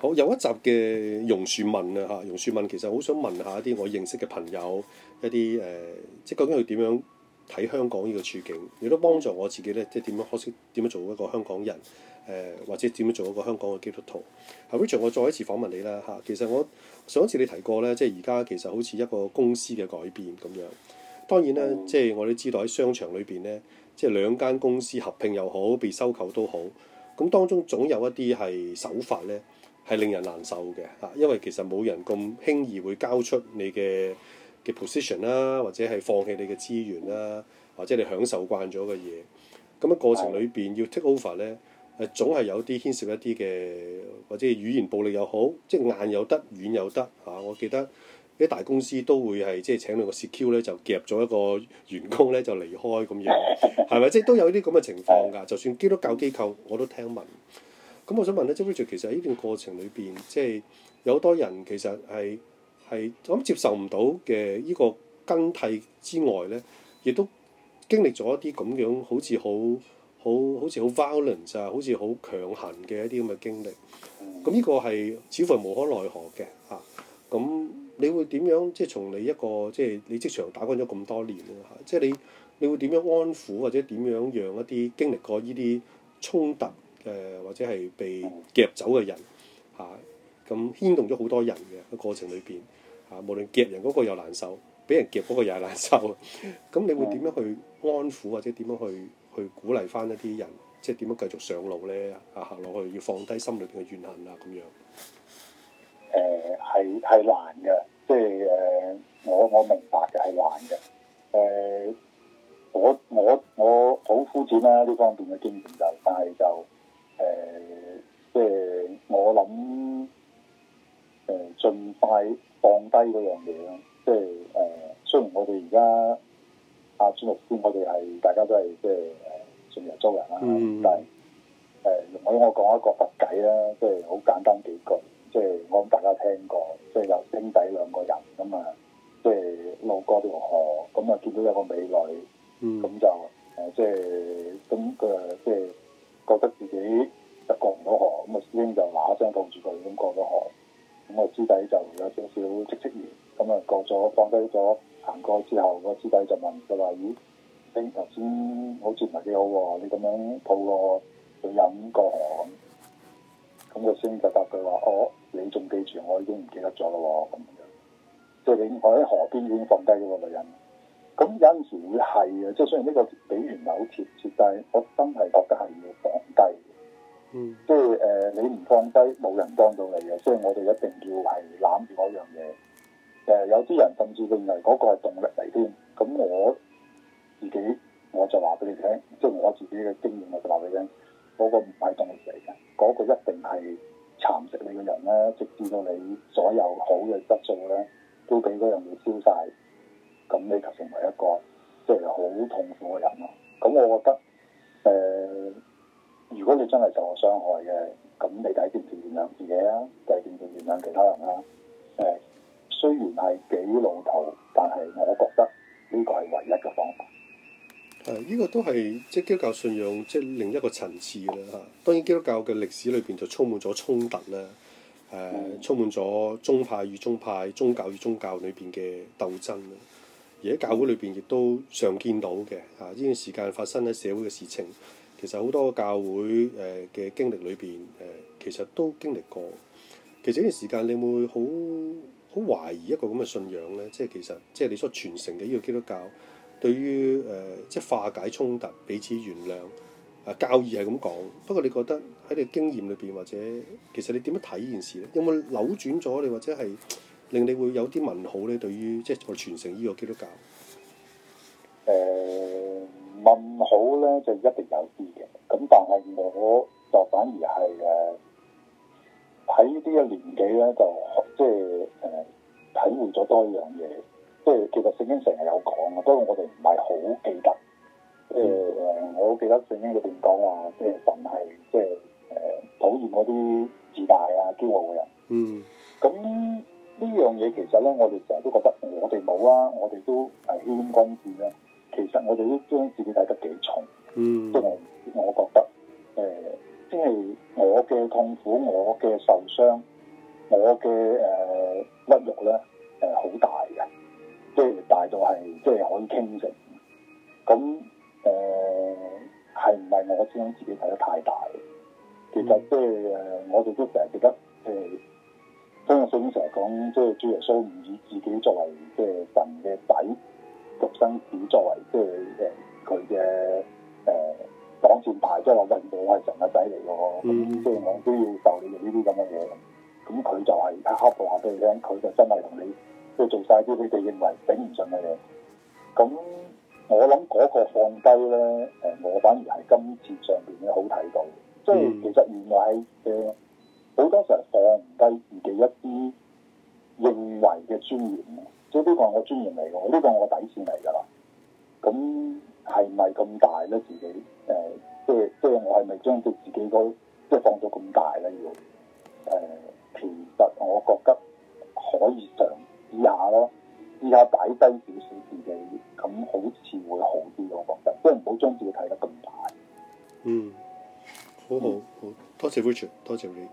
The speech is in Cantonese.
好有一集嘅榕樹問啊。嚇，榕樹問其實好想問一下一啲我認識嘅朋友一啲誒，即、呃、係、就是、究竟佢點樣睇香港呢個處境，亦都幫助我自己咧，即係點樣學識點樣做一個香港人誒、呃，或者點樣做一個香港嘅基督徒。係 Richard 我再一次訪問你啦嚇、啊。其實我上一次你提過咧，即係而家其實好似一個公司嘅改變咁樣。當然啦，即、就、係、是、我都知道喺商場裏邊咧，即、就、係、是、兩間公司合併又好，被收購都好，咁當中總有一啲係手法咧。係令人難受嘅吓，因為其實冇人咁輕易會交出你嘅嘅 position 啦，或者係放棄你嘅資源啦，或者你享受慣咗嘅嘢。咁樣過程裏邊要 take over 咧，係總係有啲牽涉一啲嘅，或者語言暴力又好，即係硬有得，軟有得吓。我記得啲大公司都會係即係請兩個 secure 咧就夾咗一個員工咧就離開咁樣，係咪？即係都有啲咁嘅情況㗎。 就算基督教機構我都聽聞。咁我想問咧，即係其實喺呢段過程裏邊，即係有好多人其實係係咁接受唔到嘅呢個更替之外咧，亦都經歷咗一啲咁樣好似好好好似好 violent 就係好似好強行嘅一啲咁嘅經歷。咁呢個係似乎係無可奈何嘅嚇。咁你會點樣即係從你一個即係你職場打滾咗咁多年咧？即係你你會點樣安撫或者點樣讓一啲經歷過呢啲衝突？誒或者係被夾走嘅人嚇，咁、嗯啊、牽動咗好多人嘅過程裏邊嚇，無論夾人嗰個又難受，俾人夾嗰個又係難受。咁、嗯、你會點樣去安撫或者點樣去去鼓勵翻一啲人，即係點樣繼續上路咧？行、啊、落去要放低心裏邊嘅怨恨啊，咁樣誒係係難嘅，即係誒我我明白嘅係難嘅。誒、呃、我我我好膚淺啦、啊，呢方面嘅經驗就，但係就。放低嗰樣嘢咯，即係誒、呃，雖然我哋而家阿朱律師，我哋係大家都係即係誒盡力作為啦，嗯、但係誒容我講一個佛偈啦，即係好簡單幾句，即係我諗大家聽過，即係有兄弟兩個人咁啊，即、嗯、係、就是、路過條河，咁、嗯、啊、嗯、見到一個美女，咁、嗯嗯、就誒即係咁佢即係覺得自己就過唔到河，咁啊師兄就嗱一聲抱住佢咁過咗河。咁個師弟就有少少戚戚然，咁啊過咗放低咗行過之後，個師弟就問佢話：咦，你頭先好似唔係幾好喎，你咁樣抱個女人過河咁。咁個師兄就答佢話：哦，你仲記住我，我已經唔記得咗啦喎，咁樣，即係我喺河邊已經放低嗰個女人。咁有陣時會係啊，即係雖然呢個比喻唔係好貼切，但係我真係覺得係要放低。嗯，即係誒、呃，你唔放低，冇人幫到你嘅，所以我哋一定要係攬住嗰樣嘢。誒、呃，有啲人甚至認為嗰個係動力嚟添，咁我自己我就話俾你聽，即、就、係、是、我自己嘅經驗，我就話俾你聽，嗰、那個唔係動力嚟嘅，嗰、那個一定係蠶食你嘅人咧，直至到你所有好嘅質素咧，都俾嗰樣嘢消晒，咁你就成為一個即係好痛苦嘅人咯。咁我覺得誒。呃如果你真係受傷害嘅，咁你睇原唔原諒自己啊？定係原唔原諒其他人啦？誒，雖然係幾老土，但係我覺得呢個係唯一嘅方法。係呢、嗯啊這個都係即係基督教信仰，即、就、係、是、另一個層次啦。嚇、啊，當然基督教嘅歷史裏邊就充滿咗衝突啦。誒、啊，嗯、充滿咗宗派與宗派、宗教與宗教裏邊嘅鬥爭啦。而喺教會裏邊亦都常見到嘅。啊，呢、這、段、個、時間發生喺社會嘅事情。其實好多教會誒嘅經歷裏邊誒，其實都經歷過。其實呢段時間你會好好懷疑一個咁嘅信仰咧，即係其實即係你所傳承嘅呢個基督教，對於誒、呃、即係化解衝突、彼此原諒啊教義係咁講。不過你覺得喺你經驗裏邊或者其實你點樣睇呢件事咧？有冇扭轉咗你或者係令你會有啲問號咧？對於即係我傳承呢個基督教？咁、嗯、好咧，就一定有啲嘅。咁但係我就反而係誒喺呢啲嘅年紀咧，就即係誒體會咗多一樣嘢。即係其實聖經成日有講嘅，不過我哋唔係好記得。即係誒，嗯、我好記得聖經裏邊講話，即係神係即係誒討厭嗰啲自大啊、驕傲嘅人。嗯。咁呢樣嘢其實咧，我哋成日都覺得我哋冇啊，我哋都係謙恭啲啦。我哋都將自己睇得幾重，都我、嗯，我覺得，誒、呃，即係我嘅痛苦、我嘅受傷、我嘅誒、呃、屈辱咧，誒、呃、好大嘅，即係大到係即係可以傾城。咁誒，係唔係我將自己睇得太大？其實即係誒，我哋都成日記得、呃、我即誒，相信成日講即係主耶穌唔以自己作為即係神嘅底。獨生子作為即係誒佢嘅誒擋箭牌，即、就、係、是、運、嗯、我係成日仔嚟㗎喎，咁即係我都要受你哋呢啲咁嘅嘢。咁、嗯、佢就係刻薄話俾你聽，佢就真係同你即係做晒啲你哋認為頂唔順嘅嘢。咁、嗯、我諗嗰個放低咧，誒我反而係今次上邊嘅好睇到，即係其實原來喺誒好多時候放唔低自己一啲認為嘅尊嚴。即係呢個我專業嚟嘅，呢、這個我底線嚟㗎啦。咁係咪咁大咧？自己誒、呃，即係即係我係咪將即自己個即係放咗咁大咧？要誒、呃，其實我覺得可以嘗試下咯，試下擺低少少自己，咁好似會好啲。我覺得，即係唔好將自己睇得咁大。嗯，好好好，嗯、多謝 Richard，多謝你。